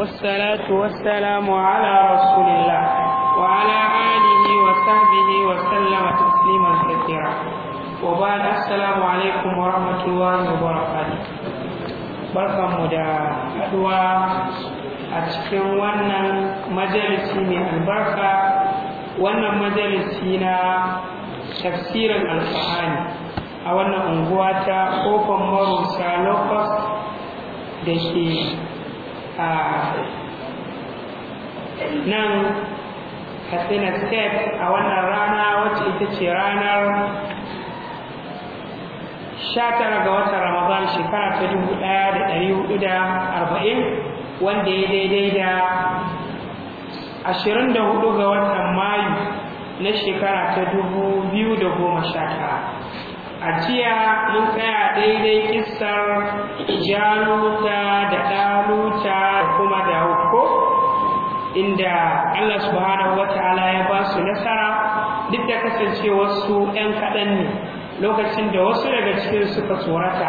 والصلاة والسلام على رسول الله وعلى آله وصحبه وسلم تسليما كثيرا وبعد السلام عليكم ورحمة الله وبركاته barkanmu da haɗuwa a cikin wannan majalisi mai albarka wannan majalisi na tafsirin alfahani a wannan unguwa ta kofan marusa locust da ke nan katsina state a wannan rana wacce ita ce ranar 19 ga watan ramadan shekara ta 1440 wanda ya daidai da 24 ga watan mayu na shekara ta 2019 a jiya mun tsaya daidai kisar jaluta da ɗaluta inda Allah subhanahu wataala ya ba su nasara duk da kasancewar su ɗan kaɗan ne lokacin da wasu daga cikin suka tsorata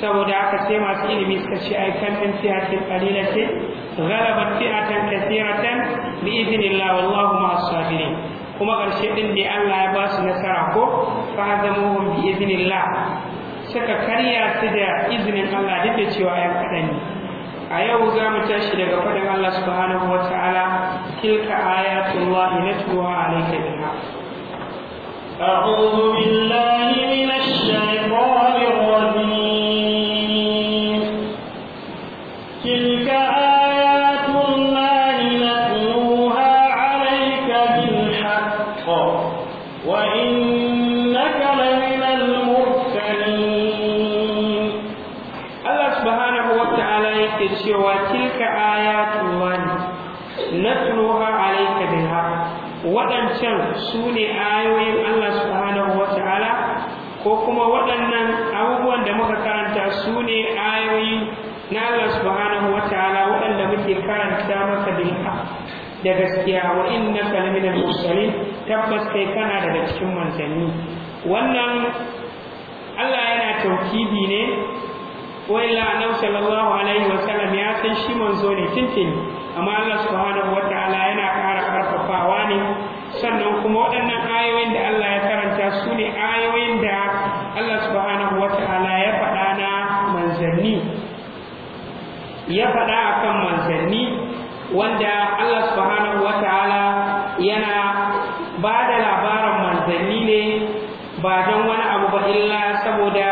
saboda aka sai masu ilimi suka ce ai kan ɗin galaba fiya ghalabat fi'atan kathiratan bi idhnillah wallahu masu sabirin kuma ƙarshe ɗin ne Allah ya ba su nasara ko fa zamuhum bi idhnillah suka karya su da izinin Allah duk da cewa ƴan kaɗan ne a yau za mu tashi daga faɗin Allah subhanahu wa ta'ala tilka ayatullah natluha alayka bil haqq a'udhu billahi minash shaitanir rajim waɗancan su ne ayoyin Allah subhanahu wa ta'ala ko kuma waɗannan abubuwan da muka karanta su ne ayoyi na Allah subhanahu wa ta'ala waɗanda muke karanta maka da da gaskiya wa na laminal mursalin tabbas kai kana daga cikin manzanni wannan Allah yana taukibi ne wa illa annabi sallallahu alaihi wa sallam ya san shi manzo ne tintin amma Allah subhanahu wa ta'ala yana ƙara karfafawa ne sannan kuma waɗannan ayoyin da Allah ya karanta su ne ayoyin da Allah subhanahu ta'ala ya faɗa na manzanni ya faɗa akan manzanni wanda Allah subhanahu ta'ala yana ba da labarin manzanni ne ba don wani abu ba illa saboda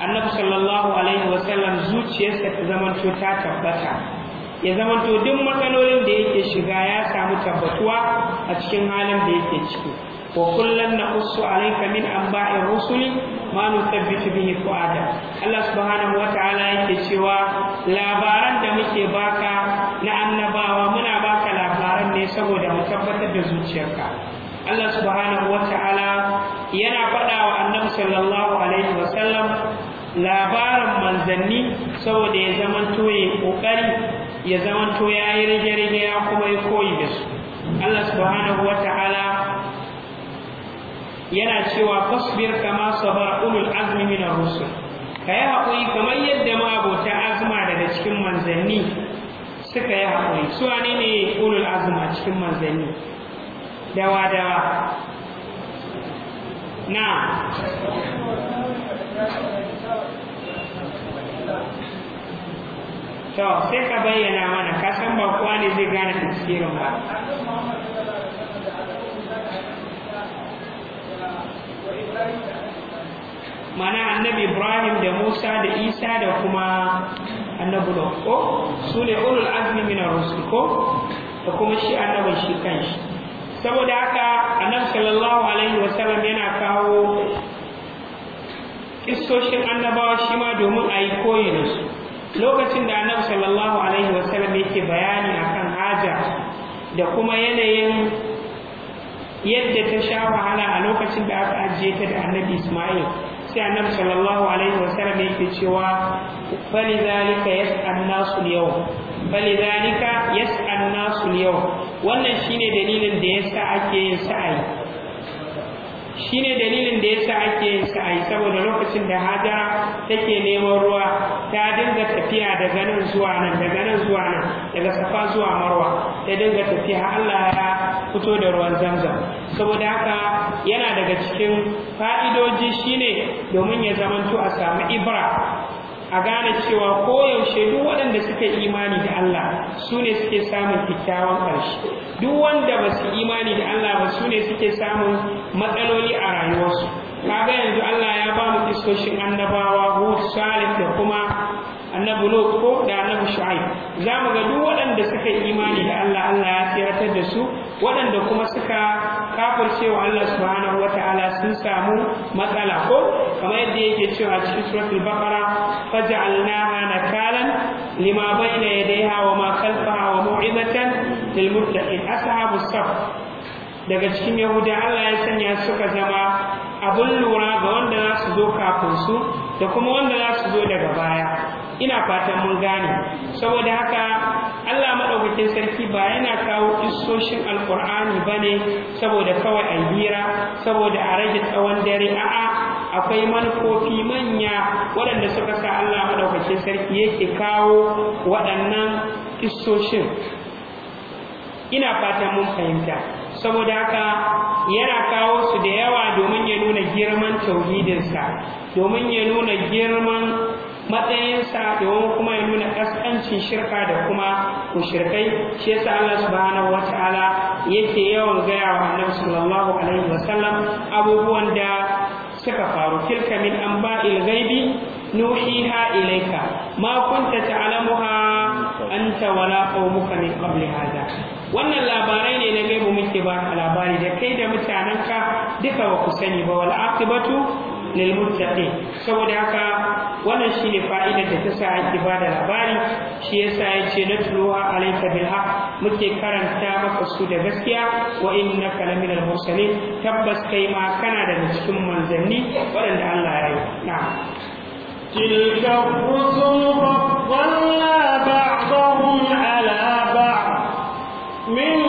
annabi sallallahu alaihi wasallam zuciyarsa ta zamanto ta tabbata ya zama to duk matsalolin da yake shiga ya samu tabbatuwa a cikin halin da yake ciki wa kullum na usu alaika min amba'in rusuli ma nusabbitu bihi fuada Allah subhanahu wa ta'ala yake cewa labaran da muke baka na annabawa muna baka labaran ne saboda mu tabbatar da zuciyarka Allah subhanahu wa ta'ala yana faɗa wa annabi sallallahu alaihi wa sallam labaran manzanni saboda ya zama toye ƙoƙari ya zama zamanto ya yi rage-rage ya kuma yi koyi da su Allah subhanahu wa ta'ala yana cewa fasbir kama sabar ulul azmi min ar-rusul ka yi haƙuri kamar yadda ma abota azma daga cikin manzanni suka yi hakuri. su wani ne ulul azma cikin manzanni dawa dawa na to sai ka bayyana mana ka san ba kowa ne zai gane tafsirin ba mana annabi ibrahim da musa da isa da kuma annabi ko su ne ulul azmi min rusul ko da kuma shi annabin shi kanshi saboda haka annabi sallallahu alaihi wasallam yana kawo kissoshin annabawa shi ma domin a yi koyi da su lokacin da annabi sallallahu alaihi wasallam yake bayani akan haja da kuma yanayin yadda ta sha wahala a lokacin da aka ajiye ta da annabi isma'il sai annabi sallallahu alaihi wasallam yake cewa falidhalika yas'al nasu yau falidhalika yas'al nasu yau wannan shine dalilin da yasa ake yin sa'ayi shine dalilin da yasa ake yin sa'ayi saboda lokacin da hajara take neman ruwa ta dinga tafiya da ganin zuwa nan da ganin zuwa nan daga safa zuwa marwa ta dinga tafiya Allah ya fito da ruwan zamzam saboda haka yana daga cikin fa'idoji shine domin ya zamanto a sami ibra a gane cewa koyaushe duk waɗanda suka imani da Allah su ne suke samun kyakkyawan ƙarshe duk wanda ba su imani da Allah ba su ne suke samun matsaloli a rayuwarsu kaga yanzu Allah ya ba mu iskoshin annabawa ko Salih da kuma annabi Lot ko da annabi Shu'aib za mu ga duk waɗanda suka imani da Allah Allah ya tsiratar da su waɗanda kuma suka kafircewa Allah subhanahu wataala sun samu matsala ko kamar yadda yake cewa cikin suratul baqara faj'alnaha nakalan lima bayna yadayha wa ma khalfaha wa mu'izatan lil muttaqin ashabus saf daga cikin yahuda Allah ya sanya suka zama abun lura ga wanda za su zo kafin su da kuma wanda za su zo daga baya ina fatan mun gane saboda haka Allah maɗaukakin sarki ba yana kawo isoshin alkur'ani bane ne saboda kawai a hira saboda a rage tsawon dare a'a akwai manufofi manya waɗanda suka sa Allah maɗaukacin sarki yake kawo waɗannan kistoshin ina fatan mun fahimta saboda haka yana kawo su da yawa domin ya nuna girman tauhidinsa domin ya nuna girman matsayinsa domin kuma ya nuna ƙasƙancin shirka da kuma shirkai, shi yasa Allah subhanahu wataala yake yawan gaya wa Annabi sallallahu alaihi wasallam abubuwan da suka faru tilka min anba'il ghaibi nuhiha ilayka ma kunta ta'lamuha anta wala qaumuka min qabli hada wannan labarai ne na gaibu muke ba labari da kai da mutanenka duka ba ku sani ba wal aqibatu lil saboda haka wannan shine fa'idar da ta sa ake ba da labari shi yasa yace na tuluwa alayka bil haqq muke karanta maka su da gaskiya wa innaka laminal mursalin tabbas kai ma kana daga cikin manzanni waɗanda Allah ya yi na'am تلك الرسل فضلنا بعضهم على بعض من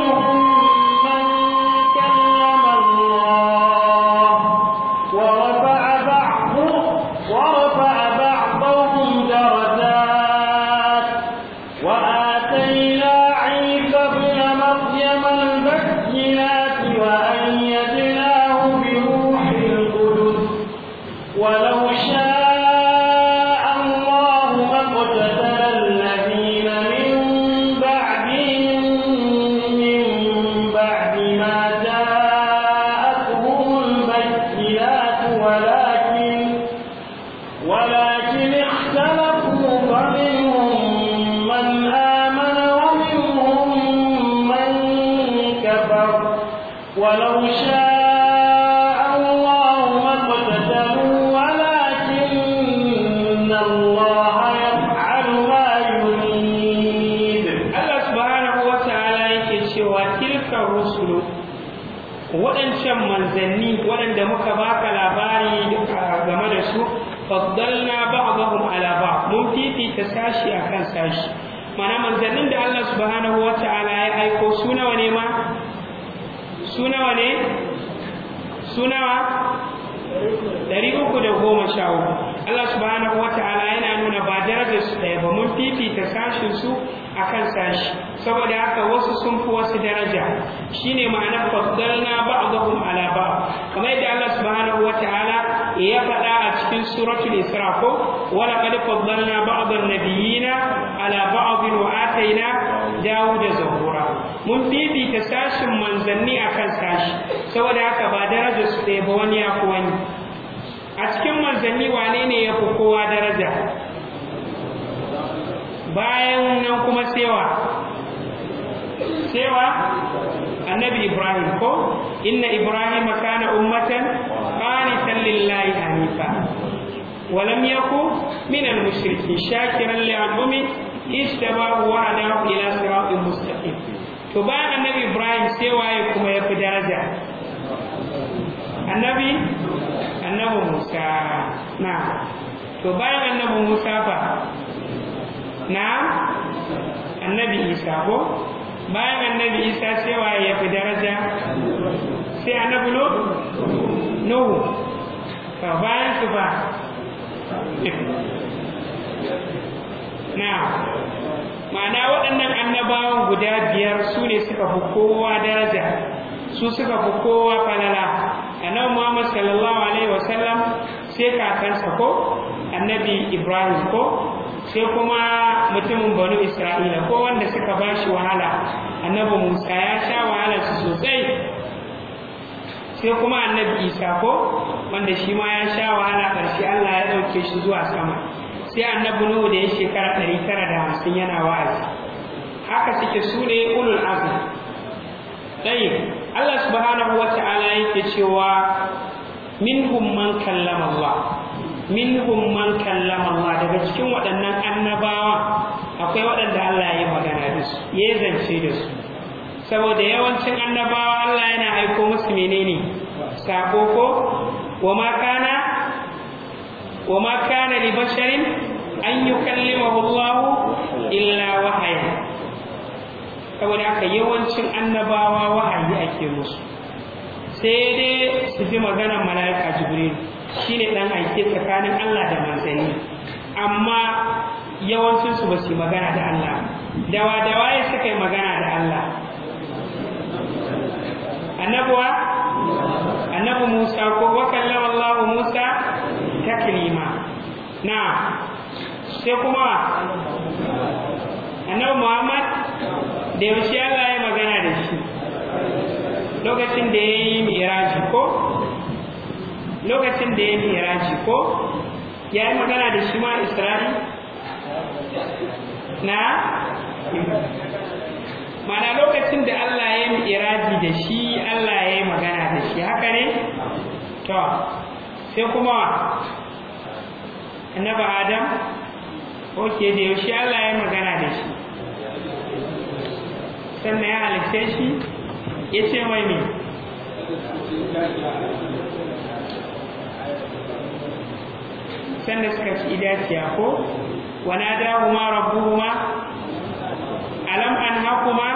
saboda haka wasu sun fi wasu daraja shine ma'ana faddalna ba'dahum ala ba'd kamar yadda Allah subhanahu wataala ya faɗa a cikin suratul isra ko wala qad na ba'dan nabiyina ala ba'din wa ataina dawuda zabura mun fifita sashin manzanni a kan sashi saboda haka ba daraja su ɗaya ba wani ya fi wani a cikin manzanni wane ne ya fi kowa daraja bayan nan kuma sewa cewa annabi ibrahim ko inna ibrahim kana ummatan qanitan lillahi hanifa ولم يكن من المشركين شاكرا لأنعمه اجتباه وهداه إلى صراط mustaqim to bayan annabi ibrahim sai waye kuma ya fi daraja annabi annabi musa na to bayan annabi musa fa na annabi isa ko bayan annabi isa sai wa ya fi daraja sai annabi no nuhu to bayan su ba na ma'ana waɗannan annabawan guda biyar su ne suka fi kowa daraja su suka fi kowa falala annabi muhammad sallallahu alaihi wasallam sai kakansa ko annabi ibrahim ko sai kuma mutumin banu isra'ila ko wanda suka ba shi wahala annabi musa ya sha wahala su sosai sai kuma annabi isa ko wanda shi ma ya sha wahala ƙarshe allah ya ɗauke shi zuwa sama sai annabi nuhu da ya shekara ɗari tara da hamsin yana wa'azi haka suke su ne ulul azmi ɗaya allah subhanahu wa ta'ala yake cewa minhum man kallama allah minhum man kallama Allah daga cikin waɗannan annabawa akwai waɗanda Allah ya yi magana da su ya zance da su saboda yawancin annabawa Allah yana aiko musu menene sako ko wama kana wama kana li basharin an yukallimahu Allah illa wahaya saboda aka yawancin annabawa wahayi ake musu sai dai su fi maganar mala'ika jibril Shi ne ɗan aike tsakanin Allah da manzanni amma yawancinsu ba su magana da Allah dawa dawa ya suka yi magana da Allah annabuwa annabu Musa ko wakan kallama Allah Musa ta kilima? na sai kuma annabu Muhammad da yaushe Allah ya magana da shi lokacin da ya yi miraji lokacin da ya miraji ko ya yi magana da shi ma isra'i na mana lokacin da Allah ya yi miraji da shi Allah ya yi magana da shi haka ne to sai kuma annaba adam ok da yaushe Allah ya yi magana da shi sannan ya halitta shi ya ce mai ne sanda suka ci idaciya ko wanadahuma rabbuhuma alam anhakuma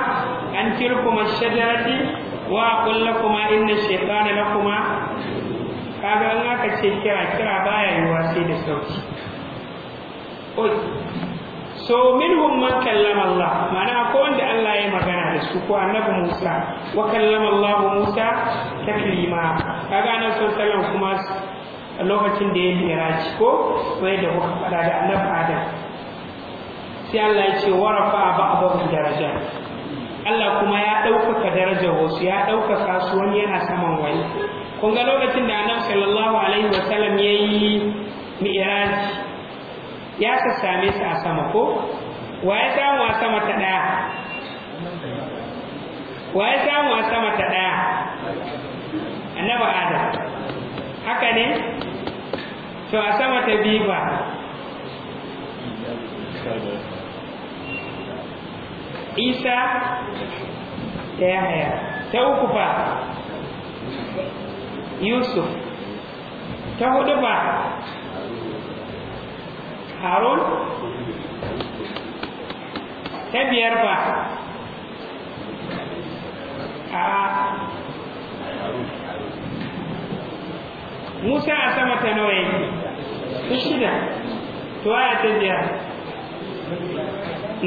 an tilkuma shajarati wa aqul inna shaytana lakuma kaga an aka ce kira kira baya wa sai da sauki? so minhum man kallama Allah mana ko wanda Allah ya magana da su ko annabi Musa wa kallama Allah Musa taklima kaga nan sallallahu kuma lokacin da ya miraji ko wai da kuka fada da annabi adam sai Allah ya ce warafa ba'dahu daraja Allah kuma ya ɗaukaka darajar wasu ya ɗaukaka su wani yana saman wani kun ga lokacin da anan sallallahu alaihi wasallam ya yi mi'raji ya sassame su a sama ko wa ya samu a sama ta ɗaya wa ya samu a sama ta ɗaya annabi adam haka ne to a sama ta biyu ba isa ta yahaya ta uku ba yusuf ta hudu ba harun ta biyar ba a Musa a sama ta nawa yake ta shida to aya ta biyar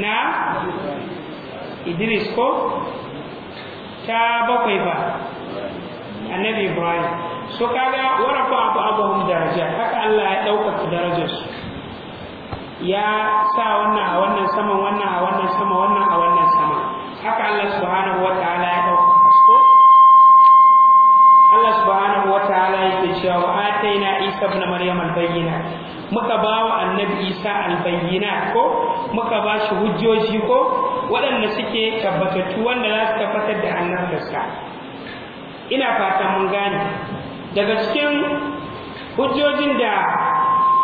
na Idris ko ta bakwai ba annabi Ibrahim so kaga fa abu abuhum daraja haka Allah ya ɗaukaka darajar. ya sa wannan a wannan saman wannan a wannan sama wannan a wannan sama haka Allah subhanahu wataala ya subhanahu wataala yake cewa wa ataina isa ibn maryam al-bayyina muka ba wa annabi isa al-bayyina ko muka ba shi hujjoji ko waɗanda suke tabbatattu wanda za su tabbatar da annabtarsa ina fata mun gane daga cikin hujjojin da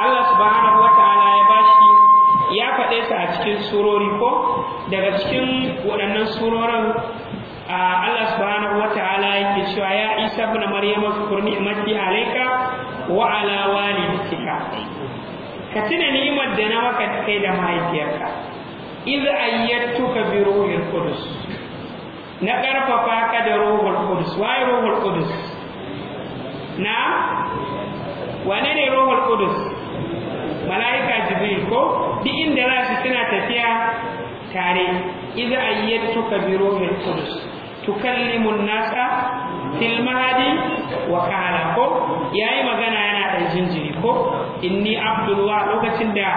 Allah subhanahu wataala ya bashi ya faɗe su a cikin surori ko daga cikin waɗannan surorin Allah subhanahu wataala yake cewa ya Isa ibn Maryam fkur ni'mati alayka wa ala walidika ka tuna ni'imar da na maka kai da mahaifiyarka iz ayyatuka bi ruhil qudus na karfafa ka da ruhul qudus wai ruhul qudus na wane ne ruhul qudus malaika jibril ko di inda za su suna tafiya tare iz ayyatuka bi ruhil qudus tukallimu nasa fil mahadi wa kana ko yayi magana yana dan jinjiri ko inni abdullah lokacin da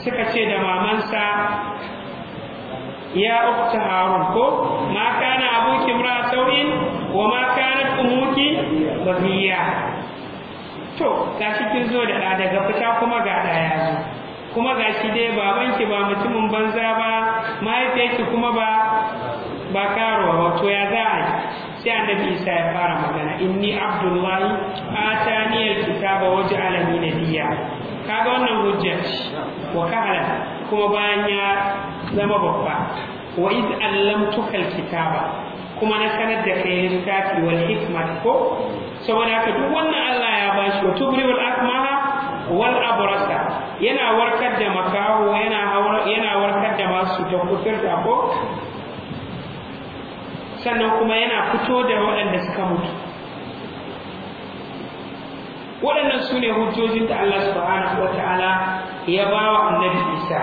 suka ce da mamansa ya ukta harun ko ma kana abuki imra sau'in wa ma kana umuki bagiya to gashi kin zo da da daga fita kuma ga da ya zo kuma gashi dai babanki ba mutumin banza ba mahaifiyarki kuma ba ba karuwa ba to ya za a sai annabi isa ya fara magana inni abdullahi atani alkitaba wa biya. nabiyya kaga wannan hujja wa kahala kuma bayan ya zama babba wa iz allamtuka alkitaba kuma na sanar da kai littafi wal hikmat ko saboda haka duk wannan Allah ya bashi wa tubriul akmaha wal abrasa yana warkar da makaho yana warkar da masu da kusurta ko sannan kuma yana fito da waɗanda suka mutu waɗannan su ne hujjojin da Allah subhanahu wa ta'ala ya ba wa annabi isa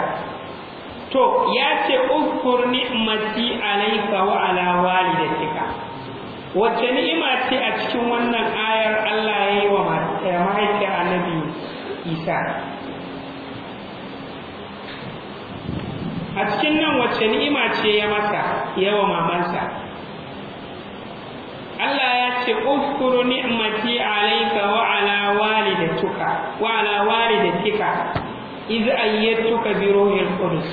to ya ce uzkur ni'mati alayka wa ala walidatika wacce ni'ima ce a cikin wannan ayar Allah ya yi wa mahaifiyar annabi isa a cikin nan wacce ni'ima ce ya masa yawa mamansa Allah ya ce uskuru ni'mati alayka wa ala walidatuka wa ala walidatika iz ayyatuka bi ruhil qudus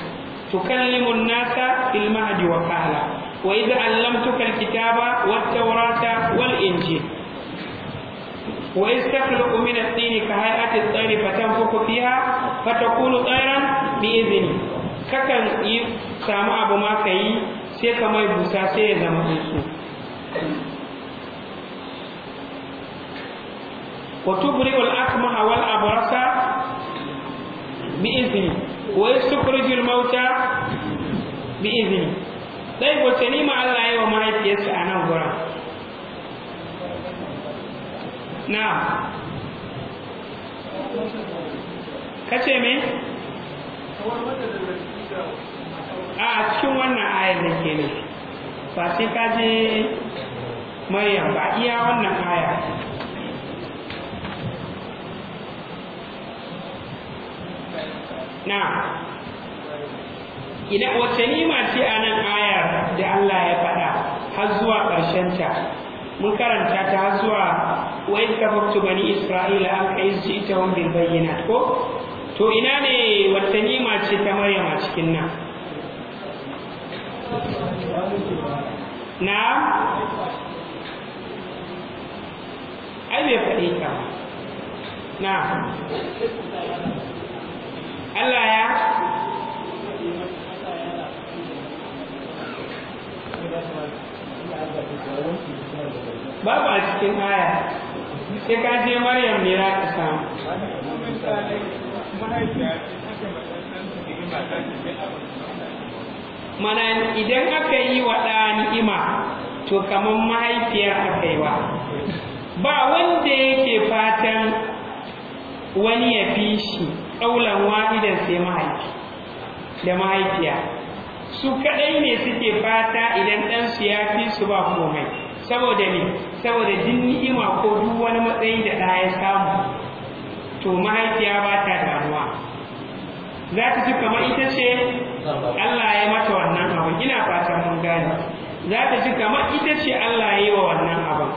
tukallimu an-nasa fil mahdi wa kahla wa iz allamtuka al-kitaba wat-taurata wal-injil wa iz takhluqu min at-tini ka hay'ati at-tayri fatanfuku fiha fatakunu tayran bi idhni kakan yi samu abu ma kai sai ka mai busa sai ya zama tsuntsu wal bi وتبرئ الأكمه والأبرص بإذنه ويستخرج الموتى بإذنه dai ni ma Allah ya wa mahaifiyarsa a nan gurin na kace me a cikin wannan ayar da ke ne ba sai ka je maryam ba iya wannan aya na ina wace nima ce a nan ayar da Allah ya faɗa har zuwa ƙarshenta mun karanta ta har zuwa wa in kafaftu bani isra'ila an kai su ita wani bil bayyinat ko to ina ne wace nima ce ta maryam a cikin nan na ai bai faɗi ka na Allah ya babu a cikin aya sai ka je maryam ne za ka samu mana idan aka yi wa ɗa ni'ima to kamar mahaifiyar aka yi wa ba wanda yake fatan wani ya fi shi ƙaulan wa'idan sai mahaifi da mahaifiya su kaɗai ne suke fata idan ɗansu ya fi su ba komai saboda ne saboda jin ni'ima ko duk wani matsayi da ɗa ya samu to mahaifiya ba ta damuwa za ta ci kamar ita ce Allah ya mata wannan abin ina fatan mun gane za ta ci kamar ita ce Allah ya yi wa wannan abin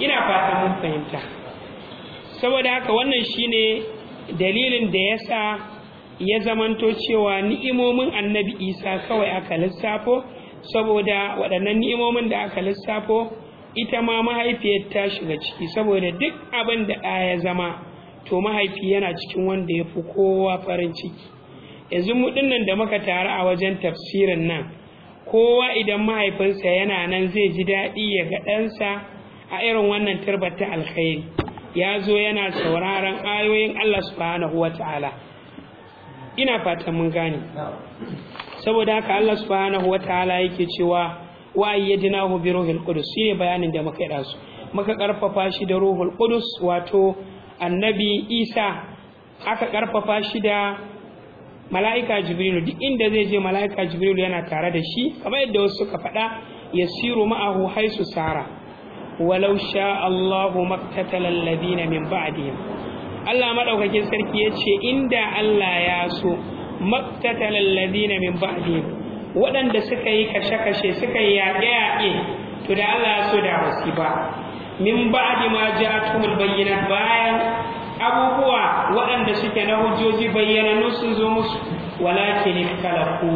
ina fatan mun fahimta saboda haka wannan shine dalilin da ya sa ya zamanto cewa ni'imomin annabi isa kawai aka lissafo saboda waɗannan ni'imomin da aka lissafo ita ma mahaifiyar ta shiga ciki saboda duk abin da ɗa ya zama to mahaifi yana cikin wanda ya fi kowa farin ciki yanzu mu nan da muka taru a wajen tafsirin nan kowa idan mahaifinsa yana nan zai ji daɗi ya ga ɗansa a irin wannan turbar alkhairi ya zo yana sauraron ayoyin Allah subhanahu wa ta'ala ina fatan mun gane saboda haka Allah subhanahu wa ta'ala yake cewa wa ayyadnahu bi ruhil qudus shine bayanin da muka yi su muka karfafa shi da ruhul qudus wato annabi Isa aka ƙarfafa shi da mala'ika jibrilu duk inda zai je mala'ika jibrilu yana tare da shi kamar yadda wasu suka faɗa yasiru ma'ahu haisu sara Walausha sha Allahu maktatal alladhina min ba'dihim Allah madaukakin sarki yace inda Allah ya so maktatal alladhina min ba'dihim waɗanda suka yi kashe-kashe suka yi yaƙe-yaƙe to da Allah ya so da wasi ba min ba'di ma ja'atumul bayyinat bayan abubuwa waɗanda suke na hujjoji bayyananu sun zo musu walakin ikhtalafu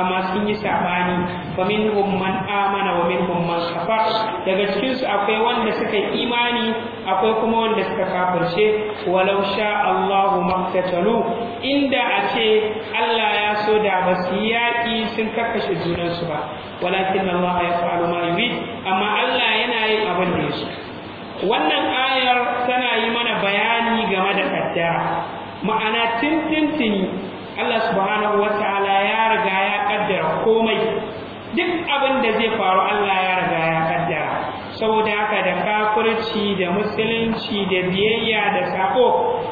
amma sun yi sabani fa minhum man amana wa minhum man kafar daga cikin su akwai wanda suka yi imani akwai kuma wanda suka kafirce walau sha Allahu maktatalu inda a ce Allah ya so da ba yaƙi sun kakkashe su ba walakin Allah ya fa'alu ma yurid amma Allah yana yin abin da ya so wannan ayar tana yi mana bayani game da kadda ma'ana tintintini Allah subhanahu ta'ala ya riga ya kaddara komai duk abin da zai faru Allah ya riga ya kaddara saboda haka da kafirci da musulunci da biyayya da sako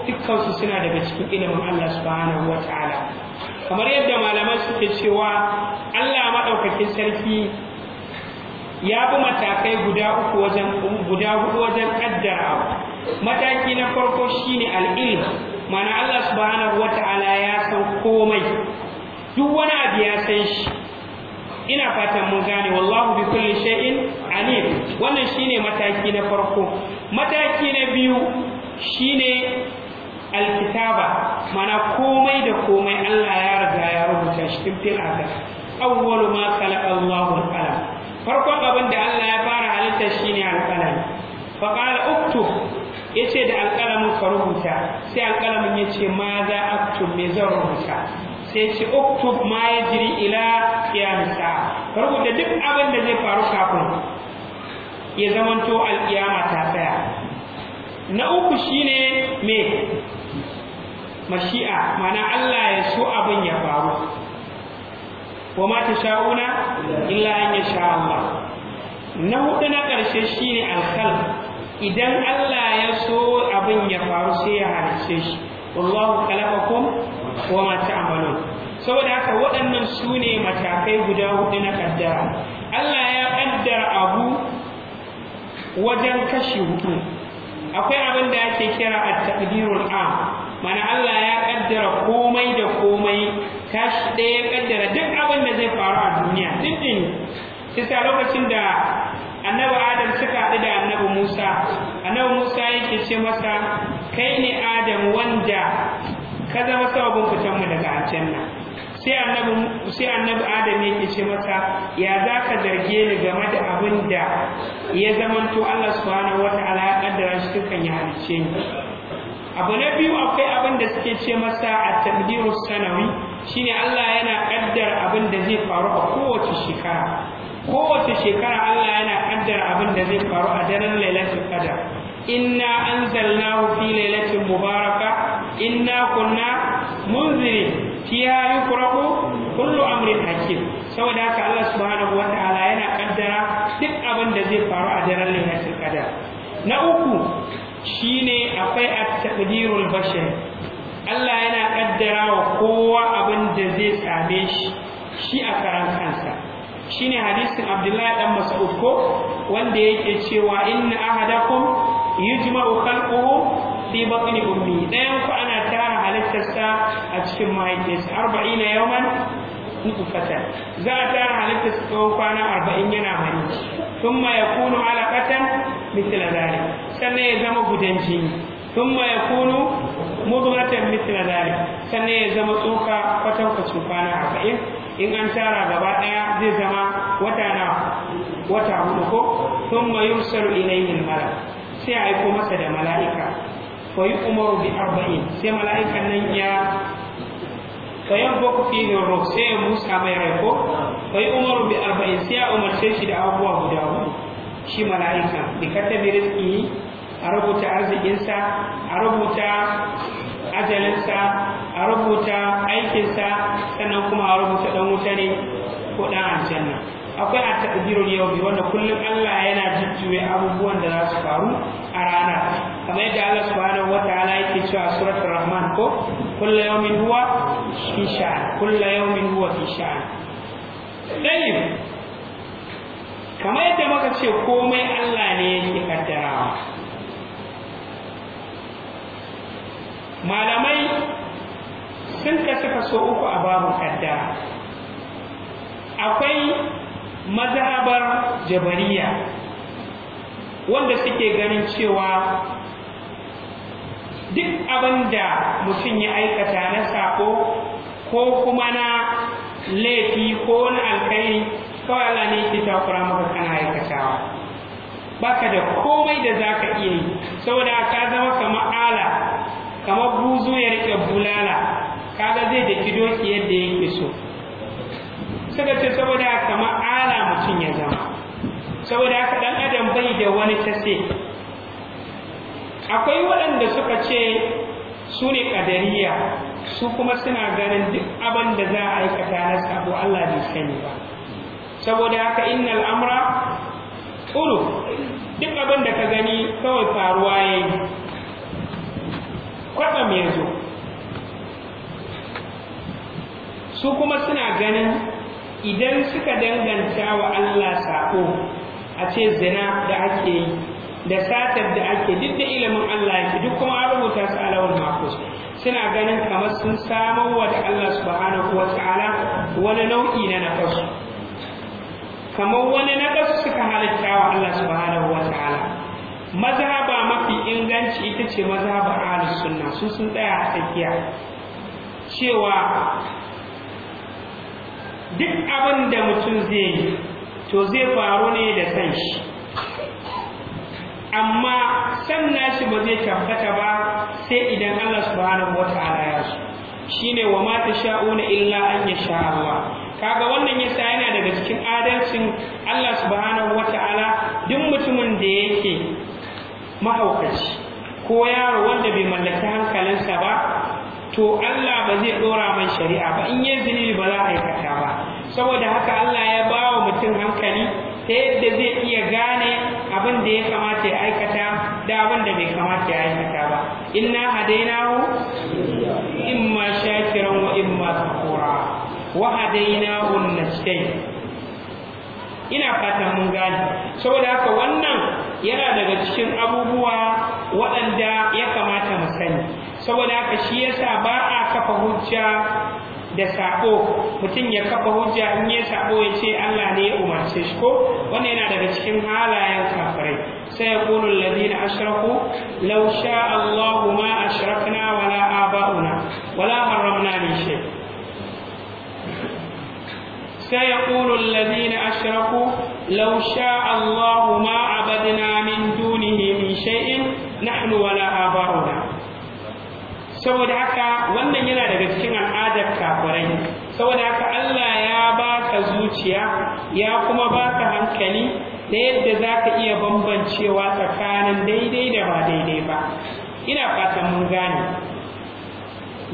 dukkansu suna daga cikin ilimin Allah subhanahu ta'ala kamar yadda malaman suke cewa Allah maɗaukakin sarki ya bi matakai guda uku wajen guda hudu wajen kaddara abu mataki na farko shine al-ilm mana Allah subhanahu Ta'ala ya san komai duk wani abu ya san shi ina fatan mun gane wallahu bi kulli shay'in alim wannan shine mataki na farko mataki na biyu shine alkitaba mana komai da komai Allah ya riga ya rubuta shi tun fil azal awwalu ma khalaqa Allahu al farkon abin da Allah ya fara halitta shine al-qalam fa qala uktub Ya ce da alƙalamin ka rubuta sai alƙalamin ce ma za aktub me zan rubuta sai ce oktub ma ya jiri ila qiyamisa rubuta duk abin da zai faru kafin ya zamanto alƙiyama ta tsaya na uku shine me mashi'a mana Allah ya so abin ya faru wa ma sha'una illa an yasha Allah na hudu na ƙarshe shine alƙalamin idan Allah ya so abin ya faru sai ya halice shi wallahu khalaqakum wa ma ta'malun saboda haka waɗannan su ne matakai guda hudu na kaddara Allah ya kaddara abu wajen kashi hudu akwai abin da ake kira at-taqdirul am mana Allah ya kaddara komai da komai kashi ɗaya ya kaddara duk abin da zai faru a duniya din sai lokacin da annabi adam suka haɗu da annabi musa annabi musa yake ce masa kai ne adam wanda ka zama sababin mu daga aljanna sai annabi sai annabi adam yake ce masa ya za ka zarge ni game da abin da ya zamanto allah subhanahu wataala ya kaddara shi dukan ya halice ni abu na biyu akwai abin da suke ce masa a tabdiru sanawi shine Allah yana ƙaddar abin da zai faru a kowace shekara kowace shekara Allah yana kaddara abin da zai faru a daren lailatul qadar inna anzalnahu fi lailatin mubaraka inna kunna munziri fiha yuqra'u kullu amrin hakim saboda haka Allah subhanahu wataala yana kaddara duk abin da zai faru a daren lailatul qadar na uku shine akwai at-taqdirul bashari Allah yana kaddara wa kowa abin da zai same shi shi a karan kansa shine hadisin Abdullahi dan Mas'ud ko wanda yake cewa inna ahadakum yujma'u khalquhu fi batni ummi dayan ku ana tara halittarsa a cikin mahaifiyarsa 40 yawman nutfatan za a tara halittarsa tsawon kwana 40 yana mari thumma yakunu alaqatan mithla dhalik sannan ya zama gudan jini thumma yakunu mudghatan mithla dhalik sannan ya zama tsoka kwatankwacin kwana 40 in an tara gaba daya zai zama wata na wata hudu ko sun yursalu ilayhi al mala sai a aiko masa da mala'ika fa umaru bi arba'in sai mala'ikan nan ya fayanfaku fihi ruh sai musa mai rai ko fa umaru bi arba'in sai ya umarce shi da abubuwa guda hudu shi mala'ika bi katabi rizqihi a rubuta arzikinsa a rubuta ajalinsa a rubuta aikinsa sannan kuma a rubuta dan wuta ne ko dan aljanna akwai a takdirul yawmi wanda kullum Allah yana jijjiwe abubuwan da za su faru a rana kamar yadda Allah subhanahu wataala yake cewa suratul rahman ko kullu yawmin huwa fi sha'an kullu yawmin huwa fi sha'an tayyib kamar yadda muka ce komai Allah ne yake kaddarawa malamai sun suka so uku a babu kadda akwai mazhabar jabariya wanda suke ganin cewa duk abin da mutum ya aikata na sako ko kuma na laifi ko na alkai kawai ne ke takura maka kana aikatawa baka da komai da za ka iya yi saboda ka zama kamar ala kamar buzu ya rike bulala kaga zai da doki yadda yake so suka ce saboda kamar ala mutum ya zama saboda haka dan adam bai da wani tase akwai waɗanda suka ce su ne ƙadariya su kuma suna ganin duk abin da za a aikata na sabo Allah bai sani ba saboda haka innal amra tsuru duk abin da ka gani kawai faruwa yayi kwatsam ya zo su kuma suna ganin idan suka danganta wa Allah sako a ce zina da ake yi da satar da ake duk da ilimin Allah yake duk kuma an rubuta su alawar makus suna ganin kamar sun samar wa da Allah subhanahu wa ta'ala wani nau'i na nakasu kamar wani nakasu suka halitta wa Allah subhanahu wa ta'ala mazhaba mafi inganci ita ce mazhaba ahlus sunna su sun tsaya a tsakiya cewa duk abin da mutum zai yi to zai faru ne da san shi amma san nashi ba zai tabbata ba sai idan Allah subhanahu wata'ala ya so shine wa ma tasha'una illa an yasha Allah kaga wannan yasa yana daga cikin adalcin Allah subhanahu duk mutumin da yake mahaukaci ko yaro wanda bai mallaki hankalinsa ba to Allah ba zai dora man shari'a ba in yi zunubi ba za a aikata ba saboda haka Allah ya ba wa mutum hankali ta yadda zai iya gane abin da ya kamata ya aikata da abin da bai kamata ya aikata ba inna hadainahu imma shakiran wa imma kafura wa hadainahu nasai ina fatan mun gane saboda haka wannan yana daga cikin abubuwa waɗanda ya kamata mu sani saboda haka shi yasa ba a kafa hujja da sako mutum ya kafa hujja in ya sako ya ce Allah ne ya umarce shi ko wannan yana daga cikin halayen kafirai sai ya kulu alladhina ashraku law sha Allahu ma ashrakna wala aba'una wala haramna min shay sai ya kulu alladhina ashraku law sha Allahu ma abadna min dunihi min shay'in nahnu wala aba'una saboda haka wannan yana daga cikin al'adar kafirai saboda haka Allah ya baka zuciya ya kuma baka hankali da yadda za ka iya bambancewa tsakanin daidai da ba daidai ba ina fatan mun gane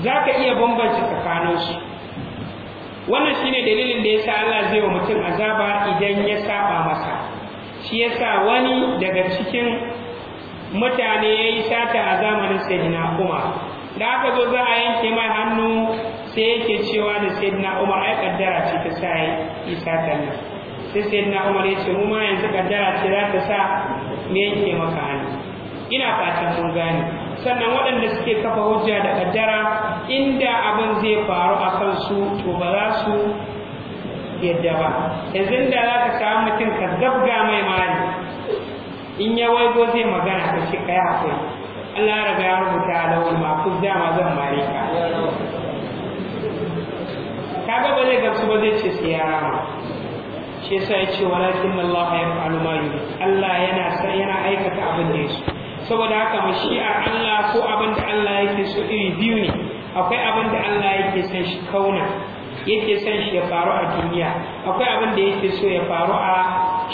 za ka iya bambance tsakaninsu wannan shine dalilin da yasa Allah zai wa mutum azaba idan ya saba masa shi yasa wani daga cikin mutane ya yi sata a zamanin sayyidina Umar da aka zo za a yanke mai hannu sai yake cewa da sayyidina umar ai kaddara ce ta sa isa talla sai sayyidina umar ya ce mu ma yanzu kaddara ce za ta sa mu yanke maka hannu ina fatan mun gane sannan waɗanda suke kafa hujja da kaddara inda abin zai faru a kan su to ba za su yadda ba yanzu da za ka samu mutum ka zabga mai mali in ya waigo zai magana ka ce kai akwai Allah ya riga ya rubuta alawul mafuz dama zan mare ka kaga ba zai gamsu ba zai ce sai ya rama shi yasa ya ce walakin Allah ya fa'alu ma yuri Allah yana yana aikata abin da yake saboda haka shi a Allah ko abin da Allah yake so iri biyu ne akwai abin da Allah yake son shi kauna yake son shi ya faru a duniya akwai abin da yake so ya faru a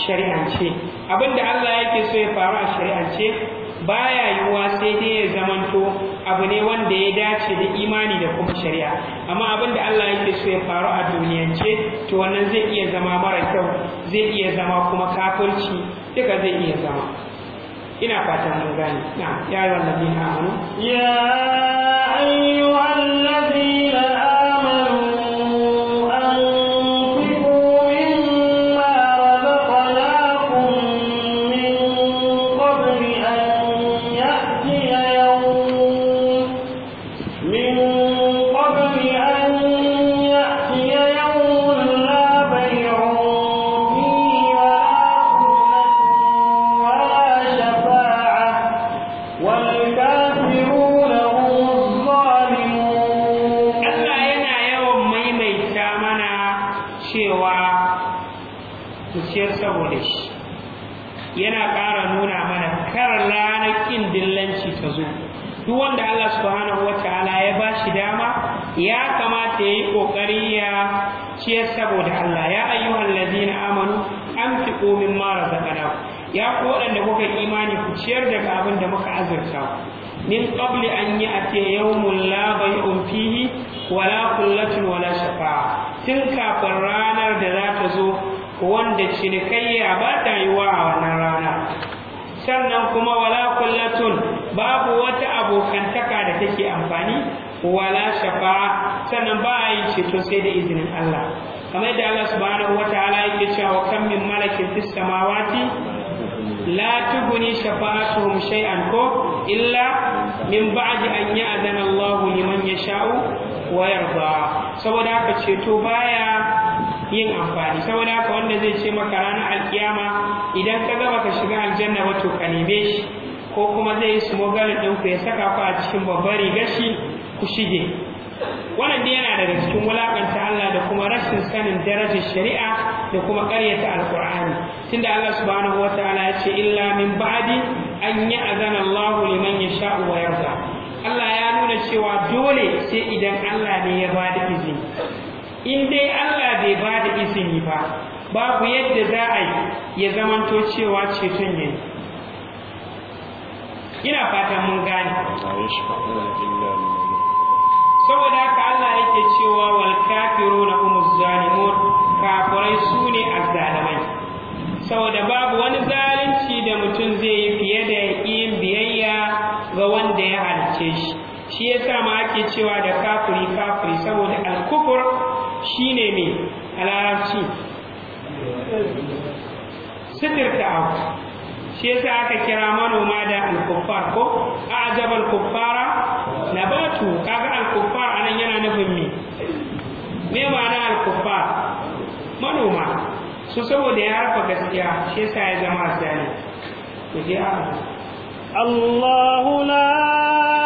shari'ance abin da Allah yake so ya faru a shari'ance baya yiwuwa sai dai ya zamanto abu ne wanda ya dace da imani da kuma shari'a amma abin da Allah yake so ya faru a duniyance to wannan zai iya zama mara kyau zai iya zama kuma kafirci duka zai iya zama ina fatan mun gane na ya ayyuhal amanu ya ciyar daga abin da muka azurta min qabli an yi ate yawmun la bai'un fihi wala kullatun wala shafa'a tun kafin ranar da za ta zo wanda cinikayya ba ta yiwa a wannan rana sannan kuma wala kullatun babu wata abokantaka da take amfani wala shafa'a sannan ba a yi ceto sai da izinin Allah kamar da Allah subhanahu wataala yake cewa kam min malakin fis samawati la تغني شفاعتهم شيئا ko illa min ba'di an ya'zana Allahu liman yasha'u wa yarda saboda haka ceto baya yin amfani saboda haka wanda zai ce maka ranar alkiyama idan ka gaba ka shiga aljanna wato ka nebe shi ko kuma zai yi smogalin ɗinku ya saka ku a cikin babbar riga shi ku shige wannan dai yana daga cikin wulakanta Allah da kuma rashin sanin darajar shari'a da kuma ƙaryata Alƙur'ani. tunda Allah subhanahu wataala ya ce illa min ba'di an ya'zana Allah liman yasha'u wa yarda Allah ya nuna cewa dole sai idan Allah ne ya ba izini in dai Allah bai ba da izini ba babu yadda za a yi ya zamanto cewa ceton yayi ina fatan mun gane saboda haka Allah yake cewa wal kafiruna umuz zalimun kafirai su ne azzalamai saboda babu wani zalunci da mutum zai yi fiye da yin biyayya ga wanda ya halice shi shi sa ma ake cewa da kafiri kafiri saboda alkufur ne ne a larabci sitirta abu shi ya sa aka kira manoma da alkufar ko ajab na batu kaga alkufar anan yana nufin me me ma'ana alkufar manoma su saboda ya rafa gaskiya shi yasa ya zama asali ku la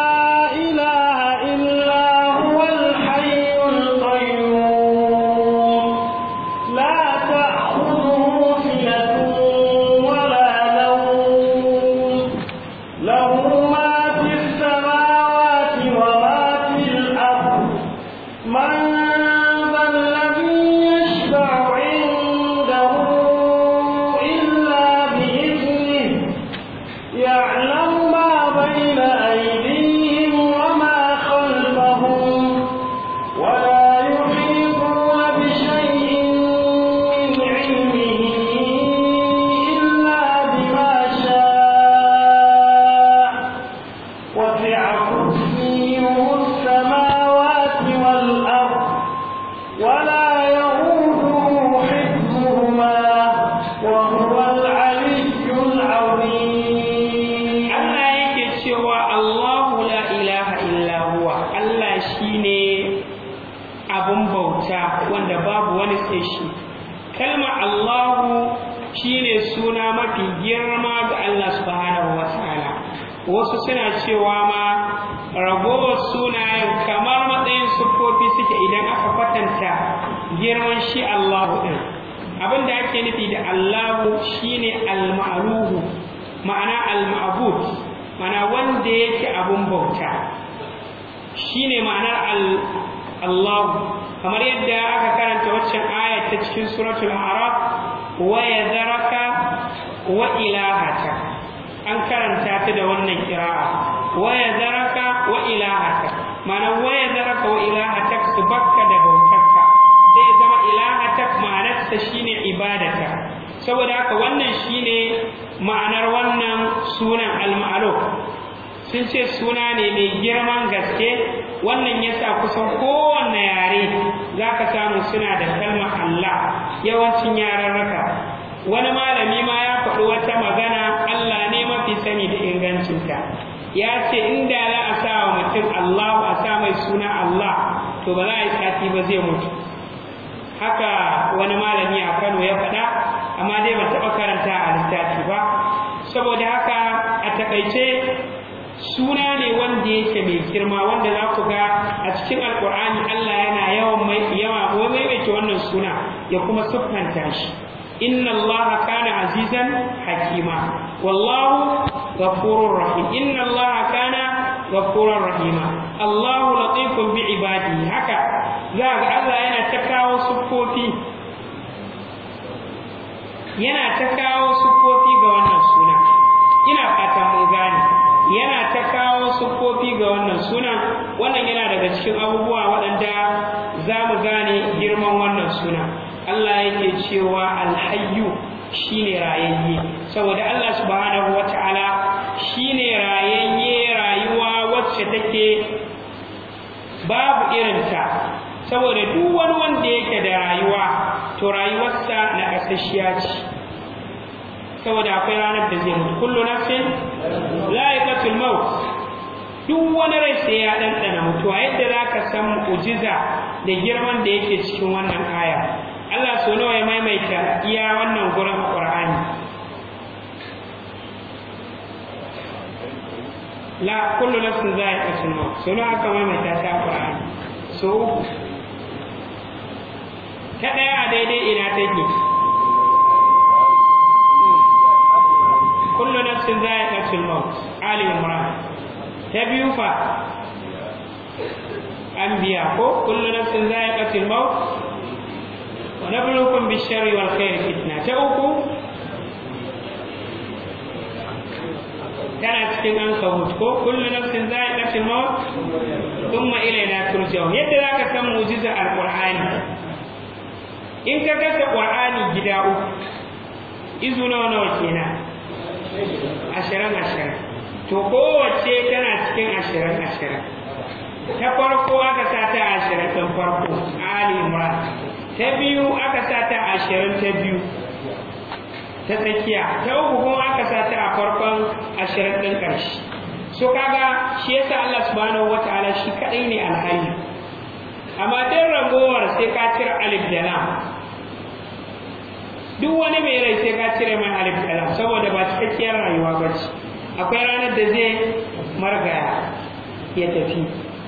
saboda haka wannan shine ma'anar wannan sunan al-ma'ruf sun ce suna ne mai girman gaske wannan yasa kusan kowane yare za ka samu suna da kalmar Allah yawancin yaran raka. wani malami ma ya faɗi wata magana Allah ne mafi sani da ingancinta ya ce inda za a sa wa mutum Allah a sa mai suna Allah to ba za a yi sati ba zai mutu haka wani malami a Kano ya faɗa amma dai ban taɓa karanta a littafi ba saboda haka a takaice suna ne wanda yake mai girma wanda za ku ga a cikin alkur'ani Allah yana yawan mai yawa ko yake wannan suna ya kuma siffanta shi inna Allah kana azizan hakima wallahu ghafurur rahim inna Allah kana ghafurur rahima Allahu latifun bi ibadihi haka za ga Allah yana ta kawo siffofi yana ta kawo siffofi ga wannan suna ina fatan mun gane yana ta kawo siffofi ga wannan suna wannan yana daga cikin abubuwa waɗanda za mu gane girman wannan suna Allah yake cewa alhayyu shine rayayye saboda Allah subhanahu wataala shine rayayye rayuwa wacce take babu irinta saboda duk wani wanda yake da rayuwa to rayuwarsa na kasashiya ce saboda akwai ranar da zai mutu kullu nafsin za'iqatul maut duk wani rai sai ya mutu a yadda za ka san ujiza da girman da yake cikin wannan aya Allah so nawa ya maimaita iya wannan gurin Qur'ani la kullu nafsin za'iqatul maut so nawa aka maimaita ta Qur'ani so ta ɗaya a daidai ina take kullu nafsin za'iqatul maut ali imran ta biyu fa anbiya ko kullu nafsin za'iqatul maut wa nabluukum bish-sharri wal khairi fitna ta uku tana cikin an kawut ko kullu nafsin za'iqatul maut thumma ilayna turja'un yadda zaka san mu'jizar alqur'ani in ka kasa qur'ani gida uku izu nawa nawa kenan ashirin ashirin to kowace tana cikin ashirin ashirin ta farko aka sa ta ashirin ta farko ali imran ta biyu aka sa ta ashirin ta biyu ta tsakiya ta uku kuma aka sa ta a farkon ashirin ɗin ƙarshe so kaga shi yasa Allah subhanahu wataala shi kadai ne alhayi amma din ragowar sai ka cire alif da lam duk wani mai rai sai ka cire mai alif da lam saboda ba cikakkiyar rayuwa ba ce akwai ranar da zai margaya ya tafi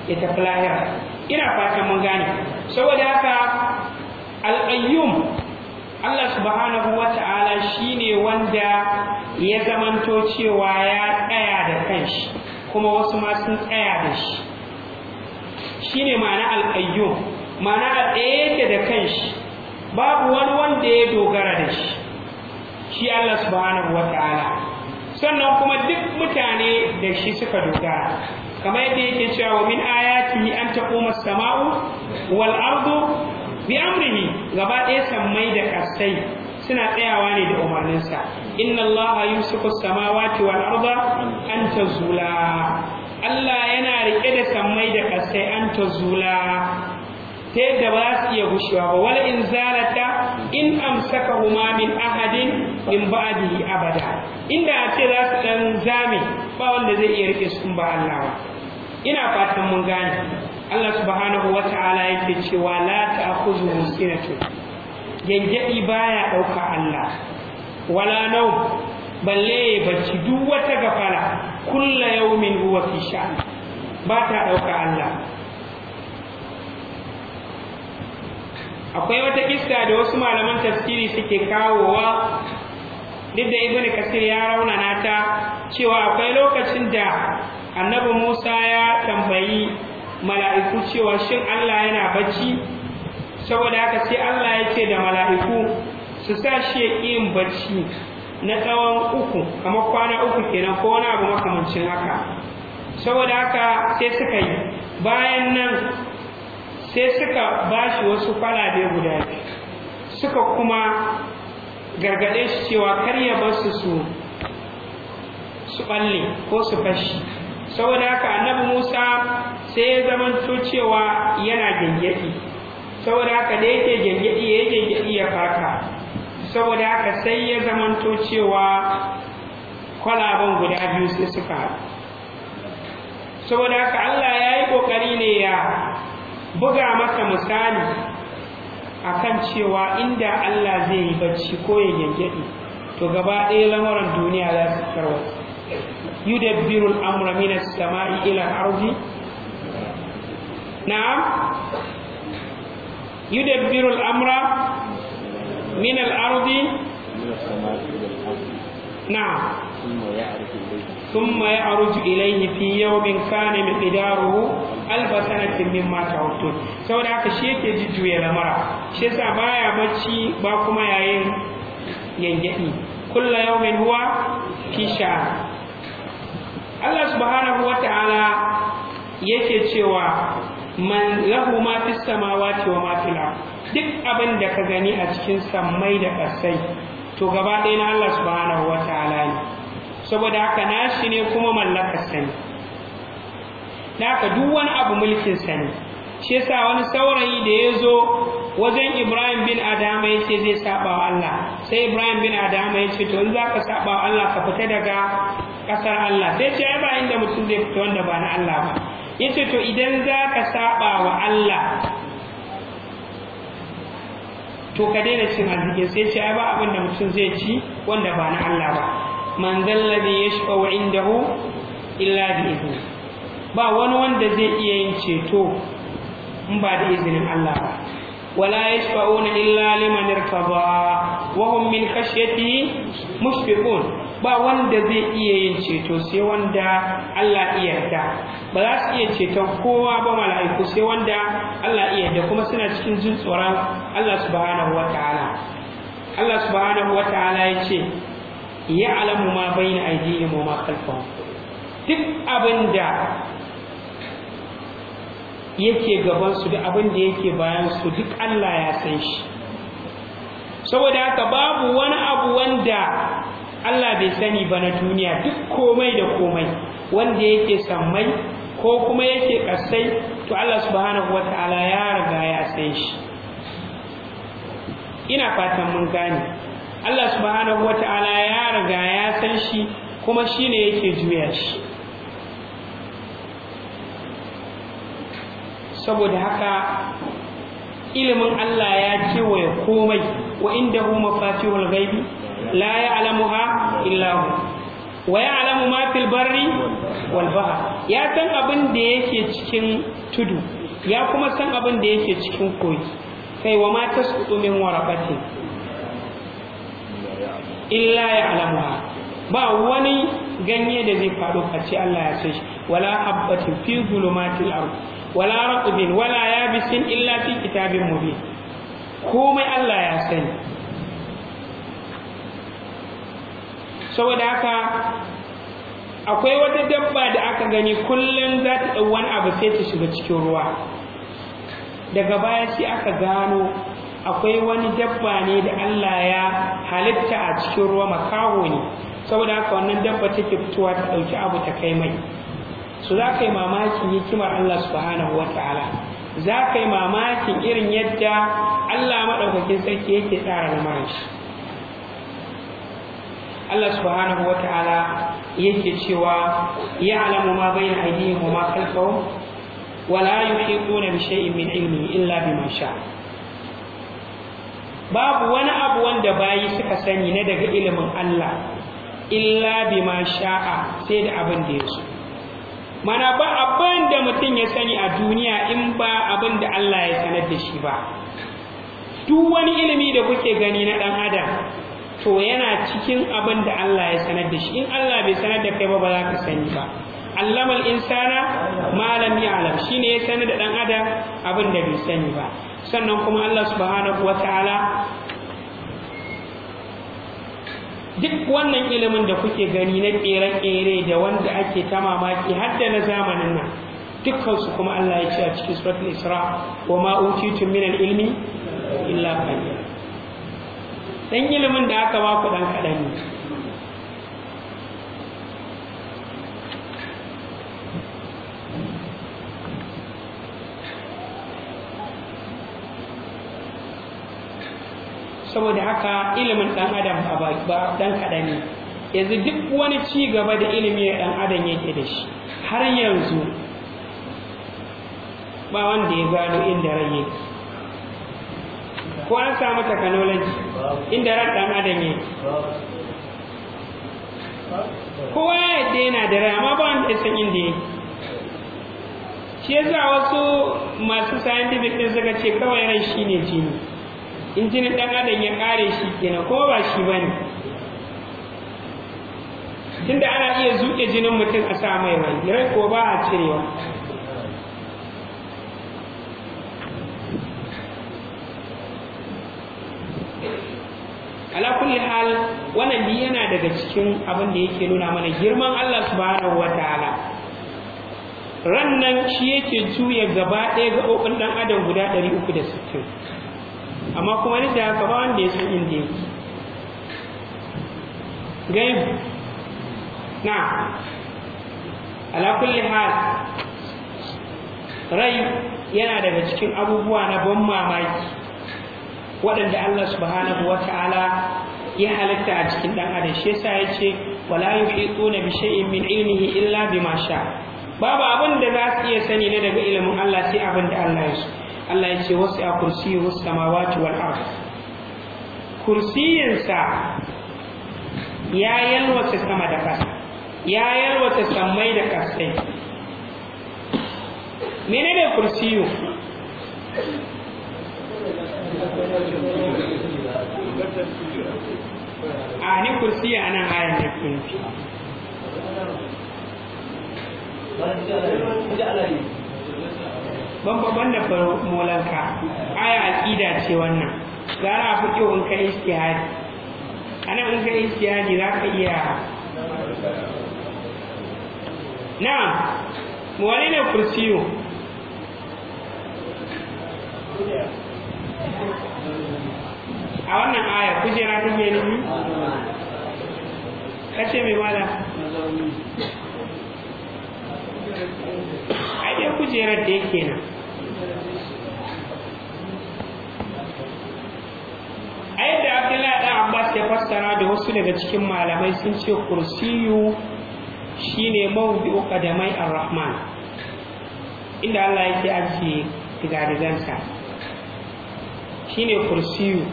ya tafi lahira ina fatan mun gane saboda haka al'ayyum Allah subhanahu wa ta'ala shi ne wanda ya zamanto cewa ya tsaya da kanshi kuma wasu ma sun tsaya da shi Shi ne ma'ana al'ayyun, ma'ana a tsaye da da shi babu wani wanda ya dogara da shi shi Allah subhanahu wa ta'ala sannan kuma duk mutane da shi suka dogara kamar yadda yake cewa wa min ayatihi an taquma as-sama'u wal ardu bi amrihi gaba ɗaya sammai da kasai suna tsayawa ne da umarninsa inna allaha yumsiku as-samawati wal arda an tazula Allah yana rike da sammai da kasai an ta zula. ta yadda ba su iya gushewa ba wala in zalata in amsaka huma min ahadin min ba'dihi abada inda a ce za su dan zame ba wanda zai iya rike su ba Allah ba ina fatan mun gane Allah subhanahu wata'ala yake cewa la ta'khudhuhu sinatu gengedi baya dauka Allah wala nau balle bacci duk wata gafara kulla yawmin huwa fi sha'an ba ta ɗauka Allah akwai wata kista da wasu malaman tafsiri suke kawowa duk da ibn kasir ya raunana ta cewa akwai lokacin da annabi musa ya tambayi mala'iku cewa shin allah yana bacci saboda haka sai allah ya ce da mala'iku su sa shi ya yin bacci na tsawon uku kamar kwana uku kenan ko wani abu makamancin haka saboda haka sai suka yi bayan nan sai suka ba shi wasu kwalabe guda suka kuma gargaɗe shi cewa kar ya bar su su su ɓalle ko su fashi saboda haka annabi musa sai ya zamanto cewa yana gyangyaɗi saboda haka da yake gyangyaɗi ya yi gyangyaɗi ya faka saboda haka sai ya zamanto cewa kwalaban guda biyu sai suka haɗu saboda haka allah ya yi ƙoƙari ne ya buga masa misali akan cewa inda allah zai yi bacci ko ya gyangyaɗe to gaba ɗaya lamarin duniya za su tarwata yudabbiru al'amura min as-sama'i ila al-ardi na'am birul amra. من الأرض نعم ثم يعرج إليه في يوم كان مقداره ألف سنة مما تعدون سو داك شي yake jujjuya lamara shi yasa baya bacci ba kuma yayin Kulla kullu yawmin huwa fi sha'r Allah subhanahu wata'ala yake cewa man lahu ma fis samawati ma fil duk abin da ka gani a cikin sammai da ƙasai to gaba ɗaya na Allah subhanahu ta'ala ne saboda haka na shi ne kuma mallakar sani Na haka duk wani abu mulkin sani shi yasa wani saurayi da ya zo wajen Ibrahim bin Adama ya ce zai saba wa Allah sai Ibrahim bin Adama ya ce to in za ka saba wa Allah ka fita daga ƙasar Allah sai ce ba inda mutum zai fita wanda ba na Allah ba ce to idan za ka saba wa Allah to ka daina cin arzikin sai ce ai ba abin da mutum zai ci wanda ba na Allah ba man zalladhi yashfa'u indahu illa bi ba wani wanda zai iya yin ceto in ba da izinin Allah ba wala yashfa'una illa liman irtada wa hum min khashyatihi mushfiqun ba wanda zai iya yin ceto sai wanda Allah iya da ba za su iya ceton kowa ba mala'iku sai wanda Allah iya da kuma suna cikin jin tsoron Allah subhanahu wataala Allah subhanahu wataala ya ce ya alamu ma bayna aydihim mu ma kalfan duk abin da yake gaban su da abin da yake bayan su duk Allah ya san shi saboda haka babu wani abu wanda Allah bai sani ba na duniya duk komai da komai wanda yake sammai ko kuma yake kasai to Allah subhanahu wataala ya riga ya san shi ina fatan mun gane Allah subhanahu wataala ya riga ya san shi kuma shine yake juya shi saboda haka ilimin Allah ya kewaye komai wa indahu mafatihul ghaibi la ya'lamuha illa hu wa ya'lamu ma fil barri wal bahr ya san abin da yake cikin tudu ya kuma san abin da yake cikin kogi kai wa ma tasqutu min waraqatin illa ya'lamuha ba wani ganye da zai faɗo face Allah ya san shi wala habbatin fi zulumatil ard wala raqbin wala yabisin illa fi kitabin mubin komai Allah ya sani saboda haka akwai wata dabba da aka gani kullum za ta ɗau wani abu sai ta shiga cikin ruwa daga baya sai aka gano akwai wani dabba ne da Allah ya halitta a cikin ruwa makaho ne saboda haka wannan dabba take fitowa ta ɗauki abu ta kai mai su za ka yi mamakin hikimar Allah subhanahu wa ta'ala za ka yi mamakin irin yadda Allah maɗaukakin sarki yake tsara lamarin shi Allah subhanahu wata'ala yake cewa ya alamu ma bayna aydihim ko ma Wala wa la yuhituna bi sha'in min ilmi illa ma sha babu wani abu wanda bayi suka sani na daga ilimin Allah illa ma sha'a sai da abin da ya mana ba abin da mutum ya sani a duniya in ba abin da Allah ya sanar da shi ba duk wani ilimi da kuke gani na ɗan adam to yana cikin abin da Allah ya sanar da shi in Allah bai sanar da kai ba ba za ka sani ba allamal insana ma lam ya'lam shine ya sanar da dan adam abin da bai sani ba sannan kuma Allah subhanahu wataala duk wannan ilimin da kuke gani na kere ƙere da wanda ake ta mamaki har da na zamanin nan dukkansu kuma Allah ya ce a cikin suratul Isra wa ma utitum min al-ilmi illa qalil dan ilimin da aka ba ku dan kaɗan ne saboda haka ilimin ɗan adam ba ɗan kaɗan ne yanzu duk wani ci gaba da ilimi ɗan adam yake da shi har yanzu ba wanda ya gano inda rai yake ko an samu technology inda ran dan adam ne kowa ya yadda na da rai amma ba an da san inda yake shi yasa wasu masu scientific din suka ce kawai rai ne jini in dan adam ya kare shi kenan ko ba shi bane tunda ana iya zuke jinin mutum a sa mai rai rai ko ba a cirewa kulli hal wannan ni yana daga cikin abin da yake nuna mana girman Allah subhanahu wataala ran nan shi yake juya gaba ɗaya ga gaɓoɓin ɗan adam guda ɗari uku da sittin amma kuma ni da haka ba wanda ya san inda yake gai na ala kulli hal rai yana daga cikin abubuwa na ban mamaki waɗanda Allah subhanahu wa ta'ala ya halatta a cikin dan adam shi yasa ya ce wala yuhituna bi shay'in min ilmihi illa bima sha babu abin da za su iya sani ne daga ilimin Allah sai abin da Allah ya so Allah ya ce wasu a kursiyu samawati wal ard kursiyinsa ya yalwata sama da ƙasa ya yalwata sammai da ƙasai menene kursiyo? a ni kursi a nan ayan ne kun fi ban da molanka aya aƙida ce wannan gara a fi kyau in ka istihadi a nan in ka istihadi za ka iya na wani ne kursiyo a wannan aya kujera ke nufi kace mai mala ai dai kujerar da yake nan a yadda abdullahi dan abbas ya fassara da wasu daga cikin malamai sun ce kursiyu shine mawdi'u qadamai ar-rahman inda Allah yake ajiye shi shine kursiyu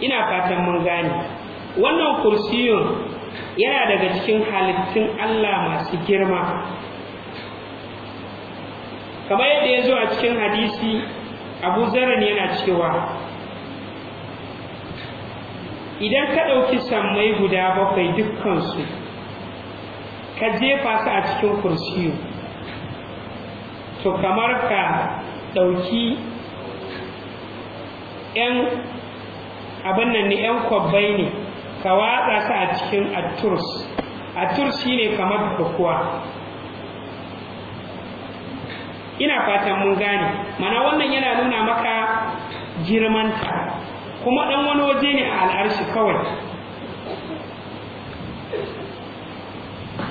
ina fatan mun gane wannan kursiyun yana daga cikin halittun Allah masu girma kamar yadda ya zo a cikin hadisi abu zaran yana cewa idan ka ɗauki sammai guda bakwai dukkansu ka jefa su a cikin kursiyu to kamar ka ɗauki 'yan abin nan ne yan kwabbai ne ka watsa su a cikin atturs shi shine kamar kuwa. ina fatan mun gane mana wannan yana nuna maka girmanta kuma ɗan wani waje ne a al'arshi kawai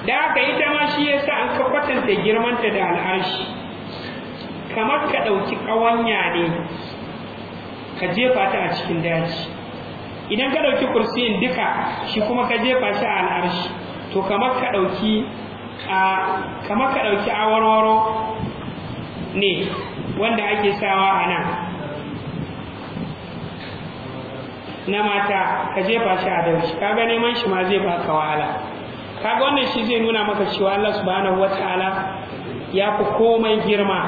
da aka yi dama shi sa an ka kwatanta girmanta da al'arshi kamar ka ɗauki ƙawanya ne ka jefa ta a cikin daji idan ka ɗauki kursiyin duka shi kuma ka jefa shi a al'arshi to kamar ka ɗauki a kamar ka awarwaro ne wanda ake sawa a nan na mata ka jefa shi a daushi kaga neman shi ma zai baka wahala kaga wannan shi zai nuna maka cewa Allah subhanahu wataala ya fi komai girma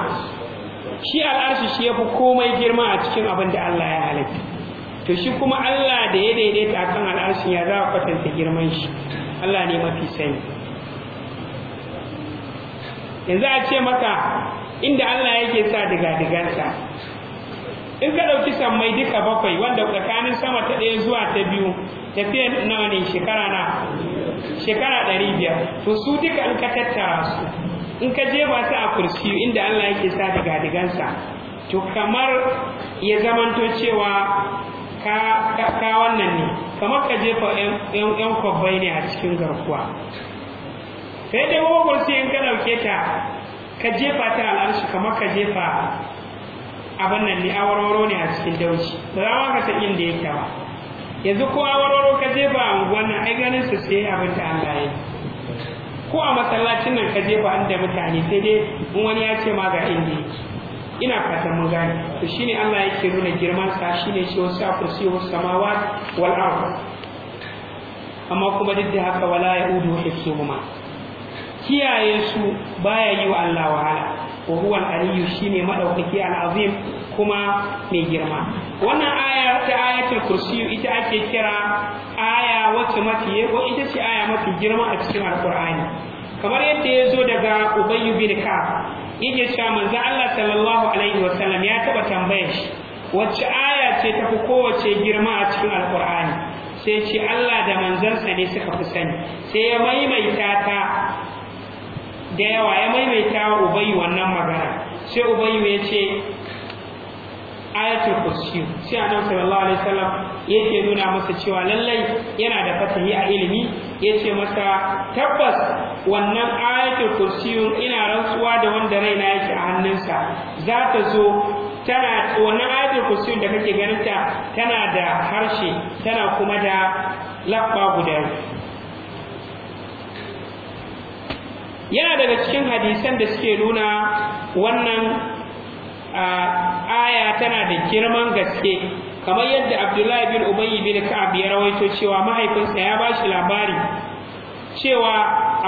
shi al'arshi shi ya fi komai girma a cikin abin da Allah ya halitta to shi kuma Allah da ya daidaita a kan al'arshin ya za a kwatanta girman shi Allah ne mafi sani yanzu a ce maka inda Allah yake sa diga-digansa in ka ɗauki sammai duka bakwai wanda tsakanin sama ta ɗaya zuwa ta biyu tafiya nawa ne shekara na shekara ɗari biyar to su duka in ka tattara su in ka je su a kursi inda Allah yake sa diga-digansa to kamar ya zamanto cewa ka wannan ne kamar ka jefa yan kwabbai ne a cikin garkuwa sai dai gwagwar sai in ka dauke ta ka jefa ta al'arshi kamar ka jefa abin nan ne awarwaro ne a cikin dauci ba za ma ka ta inda yake ba yanzu ko awarwaro ka jefa a unguwan ai ganin su sai abin da Allah ya ko a masallacin nan ka jefa inda mutane sai dai in wani ya ce ma ga inda yake ina fatan mun gane to shine Allah yake nuna girman sa shine shi wasu wasu samawat wal ard amma kuma duk da haka wala yaudu hifsuhuma kiyaye su baya yi wa Allah wahala wa huwa al-aliyyu shine madaukaki al-azim kuma mai girma wannan aya ta ayatul kursi ita ake kira aya wacce mafi ko ita ce aya mafi girma a cikin alqur'ani kamar yadda ya zo daga ubayyu bin ka'ab yake cewa manzo Allah sallallahu alaihi wa sallam ya taba tambaye shi wacce aya ce ta fi kowace girma a cikin alkur'ani sai ce Allah da manzansa ne suka fi sani sai ya maimaita ta da yawa ya maimaita wa ubayi wannan magana sai ubayi ya ce ayatul kursi sai annabi sallallahu alaihi wasallam yake nuna masa cewa lallai yana da fasahi a ilimi yace masa tabbas wannan ayatul kursi ina rantsuwa da wanda raina yake a hannunsa za ta zo tana wannan ayatul kursi da kake ganinta tana da harshe tana kuma da labba guda yana daga cikin hadisan da suke nuna wannan a aya tana da girman gaske kamar yadda abdullahi bin ubayy bin ka'ab ya rawaito cewa mahaifinsa ya bashi labari cewa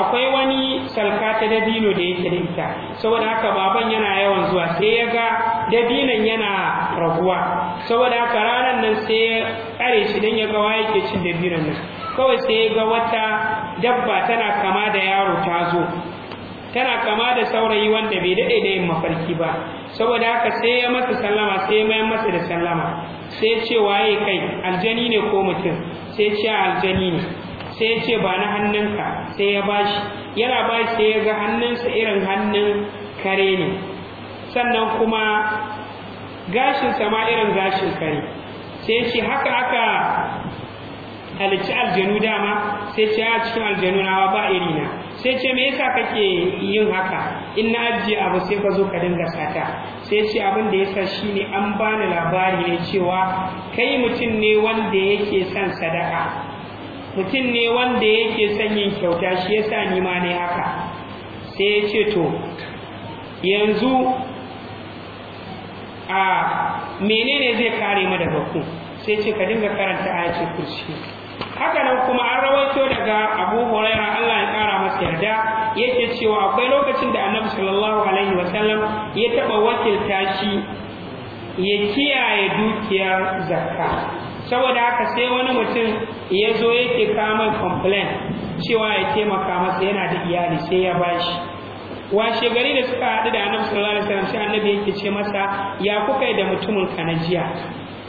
akwai wani salka ta dabino da yake da ita saboda haka baban yana yawan zuwa sai ya ga dabinon yana raguwa saboda haka ranar nan sai ya tsare shi don ya ga wa ke cin dabinon nan kawai sai ya ga wata dabba tana kama da yaro ta zo tana kama da saurayi wanda bai daɗe da yin mafarki ba saboda haka sai ya masa sallama sai ya mayar masa da sallama sai ce waye kai aljani ne ko mutum sai ce aljani ne sai ce ba na hannunka sai ya bashi yana bashi sai ya ga hannunsa irin hannun kare ne sannan kuma gashinsa ma irin gashin kare sai ce haka aka halicci aljanu dama sai ce a cikin aljanu nawa ba irina sai ce me yasa kake yin haka in na ajiye abu sai ka zo ka dinga sata sai ce abin da yasa shine an bani labari ne cewa kai mutum ne wanda yake son sadaka mutum ne wanda yake son yin kyauta shi yasa ni ma ne haka sai ce to yanzu a menene zai kare mu daga ku sai ce ka dinga karanta ayatul kursi haka nan kuma an rawaito daga abu huraira allah ya kara masa yarda yake cewa akwai lokacin da annabi sallallahu alaihi wasallam ya taɓa wakilta shi ya kiyaye dukiyar zakka saboda haka sai wani mutum ya zo yake kama complain cewa ya taimaka masa yana da iyali sai ya bashi washe gari da suka haɗu da annabi sallallahu alaihi wasallam sai annabi yake ce masa ya kuka yi da mutumin kanajiya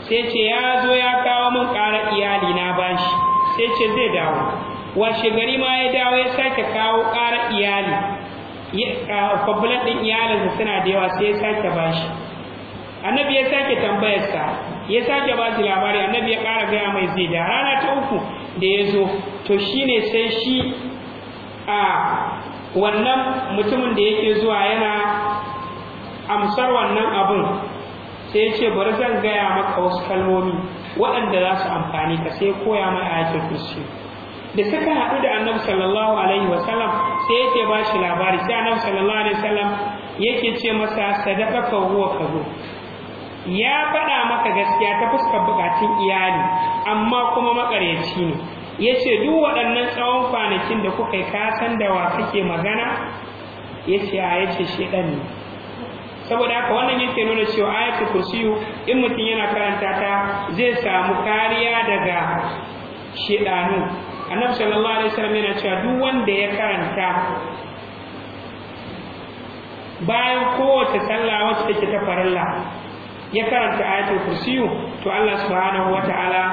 sai ce ya zo ya kawo min ƙara iyali na bashi sai ce zai dawo washe gari ma ya dawo ya sake kawo ƙara iyali kwabbulan ɗin iyalinsa suna da yawa sai ya sake shi annabi ya sake tambayarsa ya sake ba su labari annabi ya ƙara gaya mai zai da rana ta uku da ya zo to shi ne sai shi a wannan mutumin da yake zuwa yana amsar wannan abun sai ya ce bari zan gaya maka wasu kalmomi waɗanda za su amfani ka sai koya mai ayatul kursi da suka haɗu da annabi sallallahu alaihi wasallam sai yake ba shi labari sai annabi sallallahu alaihi wasallam yake ce masa sadaqaka huwa zo ya faɗa maka gaskiya ta fuska bukatun iyali amma kuma makaryaci ne ya ce duk waɗannan tsawon kwanakin da kuka yi kasan da wa kake magana ya ce a ya ce ne saboda haka wannan yake nuna cewa ayatul kursiyu in mutum yana karanta ta zai samu kariya daga shedanu annabi sallallahu alaihi wasallam yana cewa duk wanda ya karanta bayan kowace sallah wacce take ta farilla ya karanta ayatul kursiyu to Allah subhanahu wataala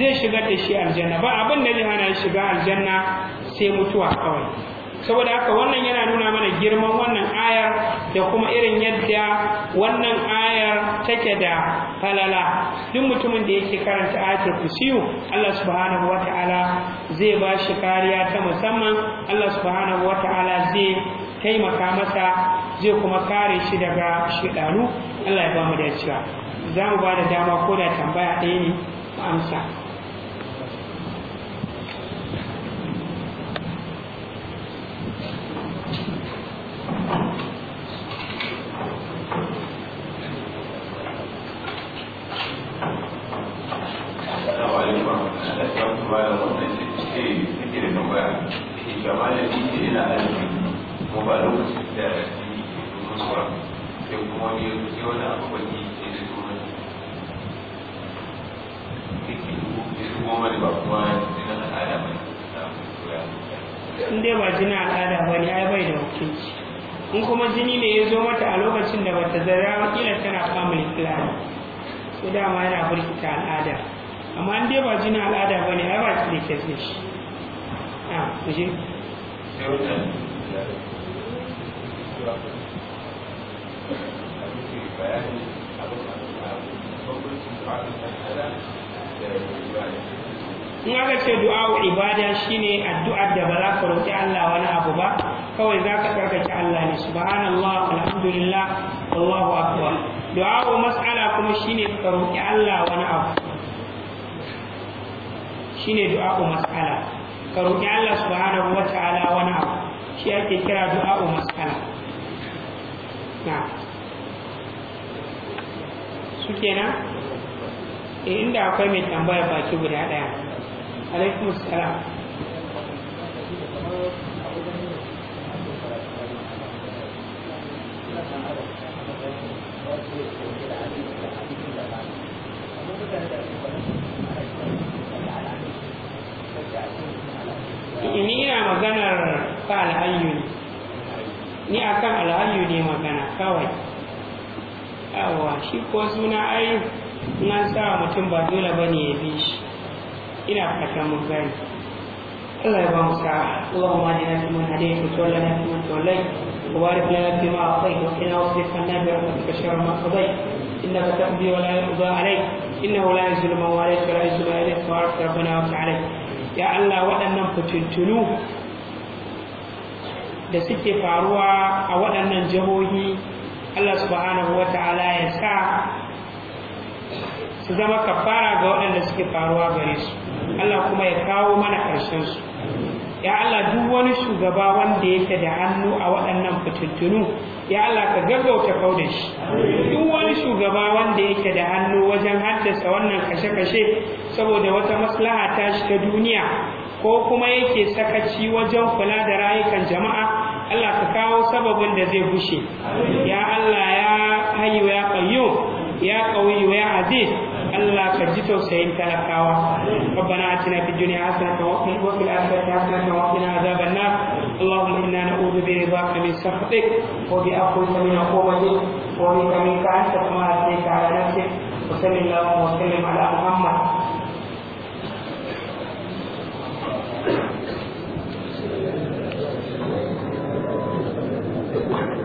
zai shiga da shi aljanna ba abin da zai shiga aljanna sai mutuwa kawai saboda haka wannan yana nuna mana girman wannan ayar da kuma irin yadda wannan ayar take da falala duk mutumin da yake karanta ayatul kursiyu Allah subhanahu wataala zai ba shi kariya ta musamman Allah subhanahu wataala zai taimaka masa zai kuma kare shi daga shidanu Allah ya ba mu da za mu ba da dama ko da tambaya ɗaya ne amsa kira wa maskala na su kenan eh inda akwai mai tambaya baki guda daya alaikum salam ni ina maganar ka al'ayyuni ni akan Alhaji ne magana kawai yawa shi ko suna ai na sa mutum ba dole ba ne ya bi shi ina fatan mun gani Allah ya ba mu sa'a hade ku nas'aluka hadayta kuma tawallana Ku tawallayt wa barik lana fima ku kina wasu kan 'anna ku rahmatika shawar ma qadayt innaka taqdi wa la yuqda alai inna la yuzillu man walayt wa la yuzillu alayk wa rabbana wa ta'ala ya Allah waɗannan fitintunu da suke faruwa a waɗannan jihohi Allah subhanahu wa ta'ala ya sa su zama kafara ga waɗanda suke faruwa gare su Allah kuma ya kawo mana ƙarshen su ya Allah duk wani shugaba wanda yake da hannu a waɗannan fitattunu ya Allah ka gaggauta kauda shi duk wani shugaba wanda yake da hannu wajen haddasa wannan kashe-kashe saboda wata maslaha ta shiga duniya ko kuma yake sakaci wajen kula da rayukan jama'a Allah ka kawo sababin da zai gushe ya Allah ya hayyu ya qayyum ya qawiyyu ya aziz Allah ka ji tausayin talakawa rabbana atina fid dunya hasanatan wa fil akhirati hasanatan wa qina adhaban nar اللهم انا نعوذ برضاك من سخطك وبعفوك من عقوبتك وبك منك انت كما اثنيت على نفسك وصل اللهم وسلم على محمد الله